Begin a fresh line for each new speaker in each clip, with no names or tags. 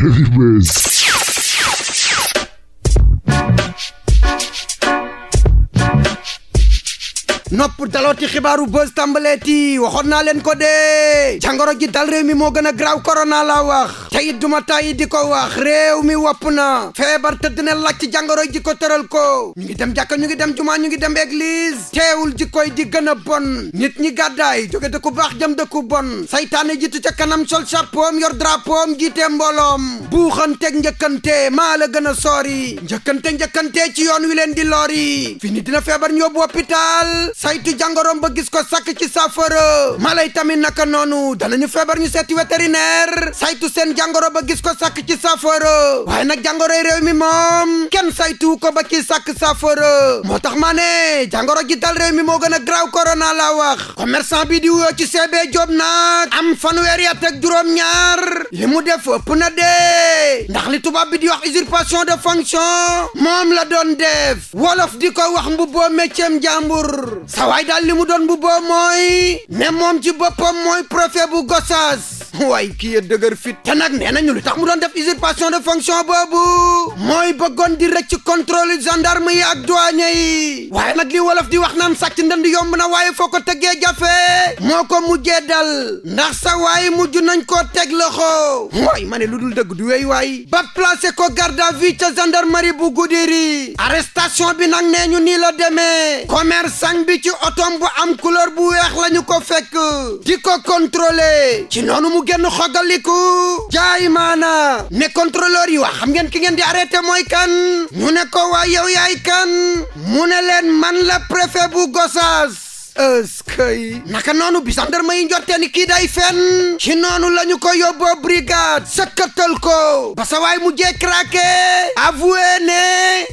Heavyweights. nopp dalooti xibaaru buzz tàmbaleeti waxoon naa leen ko dee jàngoro ji dal réew mi moo gën a graaw korona la wax te it duma tàyyi di ko wax réew mi wopp na feebar tëdd na laaj ci jàngoro ji ko tëral ko ñu ngi dem jàkka ñu ngi dem jumaa ñu ngi dem église teewul ji koy di gën a bon nit ñi gàddaay jóge dëkku baax jëm dëkku bon saytaane jiitu ca kanam sol chapeau yor drapeau jiite mbooloom buuxanteeg njëkkante maa la gën a sori njëkkante njëkkante ci yoon wi leen di lori fini dina feebar ñu yóbbu hôpital saytu jàngoroom ba gis ko sakk ci saafara mala yi tamit naka noonu dana danañu feebar ñu seeti vétérinaire saytu seen jàngoro ba gis ko sakk ci saafara waaye nag jàngoroy réew mi moom kenn saytu ko ba ci sakk saafara moo tax maa ne jàngoro ji dal réew mi moo gën a graw corona laa wax commerçant bi di wuyoo ci CB Job nag am fanweeri at ak juróom-ñaar li mu def ëpp na dee ndax li tubaab bi di wax usurpation de fonction moom la doon def wolof di ko wax mbubboo métiem jàmbur sa waay daal li mu doon mbubboo mooy ne moom ci boppam mooy préfet bu Gossas waaye kii ya dëgër fit te nag nee nañu lu tax mu doon def usurpation de fonction boobu mooy bëggoon di rëcc contrôle gendarme yi ak douane yi waaye nag li wolof di wax naan sàcc ndënd yomb na waaye foo ko tëggee jafe moo ko mujjee dal ndax sa waaye mujj nañ koo teg loxo waaye ma lu dul dëgg du wéy waaye ba placé ko garde à vue ca gendarmerie bu Goudiry arrestation bi nag nee ñu nii la demee commerçant bi ci otom bu am couleur bu weex lañu ko fekk di ko genn xogaliku jaay maana ne contrôleur yi wax xam ngeen ki ngeen di arrêté mooy kan ñu ne ko waa yow yaay kan mu ne leen man la préfet bu Gossas eskay naka noonu bi gendarme yi njottee kii day fenn ci noonu la ñu ko yóbboo brigade sëkkatal ko ba sa waay mu jee craqué avoué ne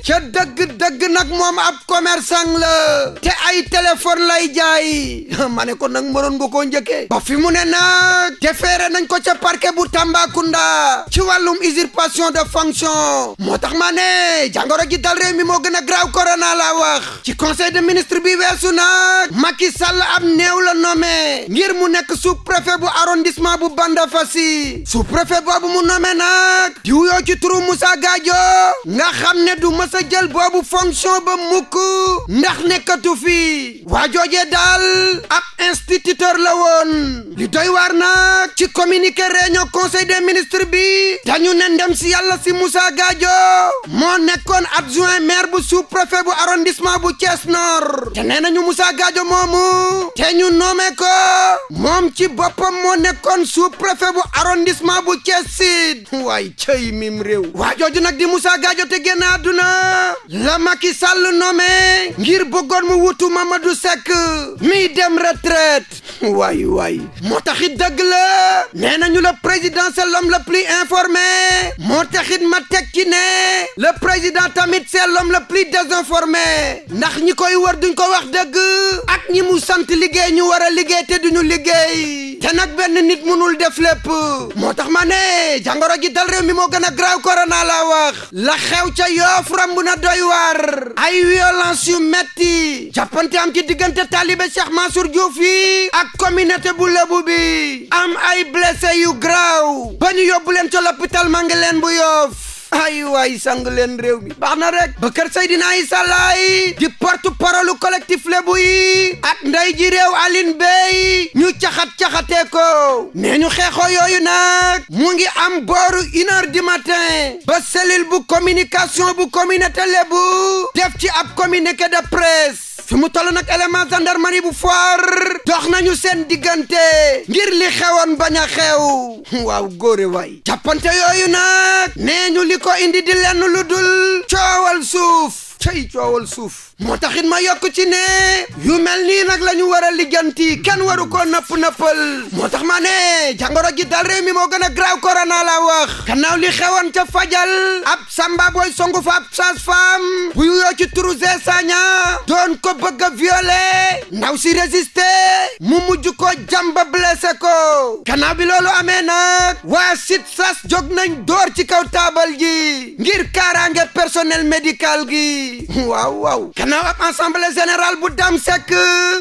ca dëgg-dëgg nag moom ab commerçant la te ay téléphone lay jaay ma ne ko nag mënoon nga koo ba fi mu ne nag te nañ ko ca parquet bu Tambacounda ci wàllum usurpation de fonction moo tax ma ne ji dal réew moo gën a graaw corona la wax ci conseil de ministre bi weesu nag Macky Sall ab néew la nommé ngir mu nekk sous bu arrondissement bu Banda Fassi sous-préfet boobu mu nommé nag diwuyoo ci turu Moussa Gadio nga xam ne du mës a jël boobu fonction ba mukk ndax nekkatu fi waa joojee daal ab instituteur la woon li doy waar nag ci communiqué réunion conseil des ministres bi dañu ne ndem si yàlla si Moussa Gadio moo nekkoon adjoint maire bu sous bu arrondissement bu Thiès Nord te nee nañu Moussa Gadio moo moomu te ñu nommé ko moom ci boppam moo nekkoon sous bu arrondissement bu Thiès si it waay cëy mi réew waa jooju nag di Moussa Gadio te génn àdduna la Macky Sall nommé ngir bëggoon mu wutu Mamadou mi dem retraite waay waay moo taxit dëgg la nee nañu le président c'est l'homme le plus informé moo taxit ma tekki ne le président tamit c'est l'homme le plus désinformé ndax ñi koy wër duñ ko wax dëgg ak ñi mu sant liggéey ñu war a liggéey te duñu liggéey te nag benn nit mënul def lépp moo tax ma ne jàng jàngoro ji dal réew mi moo gën a graaw korona a wax la xew ca yoof ramb na doy war ay violence yu metti jàppante am ci diggante taalibe Cheikh Mansour Diouf yi ak communauté bu lébu bi am ay blessé yu graaw ba ñu yóbbu leen ca l'hôpital Mangaleen bu yoof ay waay sang leen réew mi baax na rek ba kër Seydina Issa Laye di porte parole collectif Lebu yi ak nday ji réew Aline Bey ñu caxat-caxatee ko nee ñu xeexoo yooyu nag mu ngi am booru une heure matin ba cellule bu communication bu communauté Lebu def ci ab communiqué de presse fu mu toll nag élément gendarmerie bu foire dox nañu seen diggante ngir li xewoon bañ a xew waaw góore waay jàppante yooyu nag nee ñu li ko indi di lenn lu coowal suuf cay coowal suuf moo taxit ma yokk ci ne yu mel nii nag lañu ñu war a ligganti kenn waru ko napp-nappal moo tax ma ne jàngoro ji dal réew mi moo gën a graaw korona la wax gannaaw li xewoon ca fajal ab samba booy songu ab sage-femme bu yoo ci turu Sagna doon ko bëgg a violer ndaw si résister mu mujj ko jàmba blessé ko gannaaw bi loolu amee nag waa sit sas nañ door ci kaw taabal ji ngir kaaraange personnel médical gi waaw waaw gannaaw ab assemblée générale bu Dame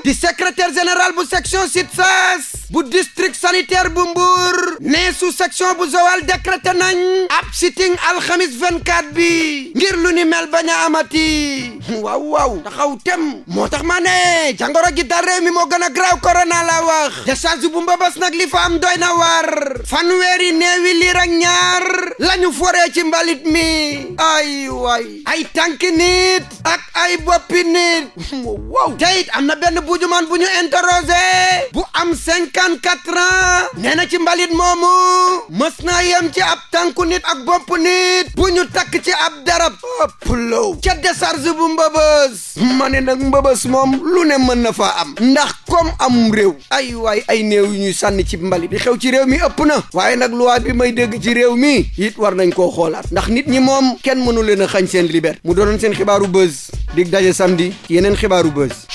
di secrétaire général bu section SUTSAS bu district sanitaire bu Mbour ne sous-section bu Joal décrété nañ ab sitting alxamis 24 bi ngir lu ni mel bañ amati waaw waaw taxaw tem moo tax ma ne jangoro gi dal réew mi moo gën a graaw corona la wax décharge bu mbabas nag li fa am doy na war fanweeri neewi liir ak ñaar lañu foree ci mbalit mi ay waay ay tànki nit ak ay boppi nit waaw teyit am na benn bujumaan bu ñu interrogé cinquante quatre ans nee na ci mbalit moomu mës naa yem ci ab tànku nit ak bopp nit bu ñu takk ci ab darab plow ca décharge bu mbëbës ma ne nag mbëbës moom lu ne mën na faa am ndax comme am réew ay waay ay néew yu ñuy sànni ci mbalit bi xew ci réew mi ëpp na waaye nag loi bi may dégg ci réew mi it war nañ koo xoolaat ndax nit ñi moom kenn mënu leen a xañ seen liberté mu doonoon seen xibaaru buzz dig daje samedi yeneen xibaaru buzz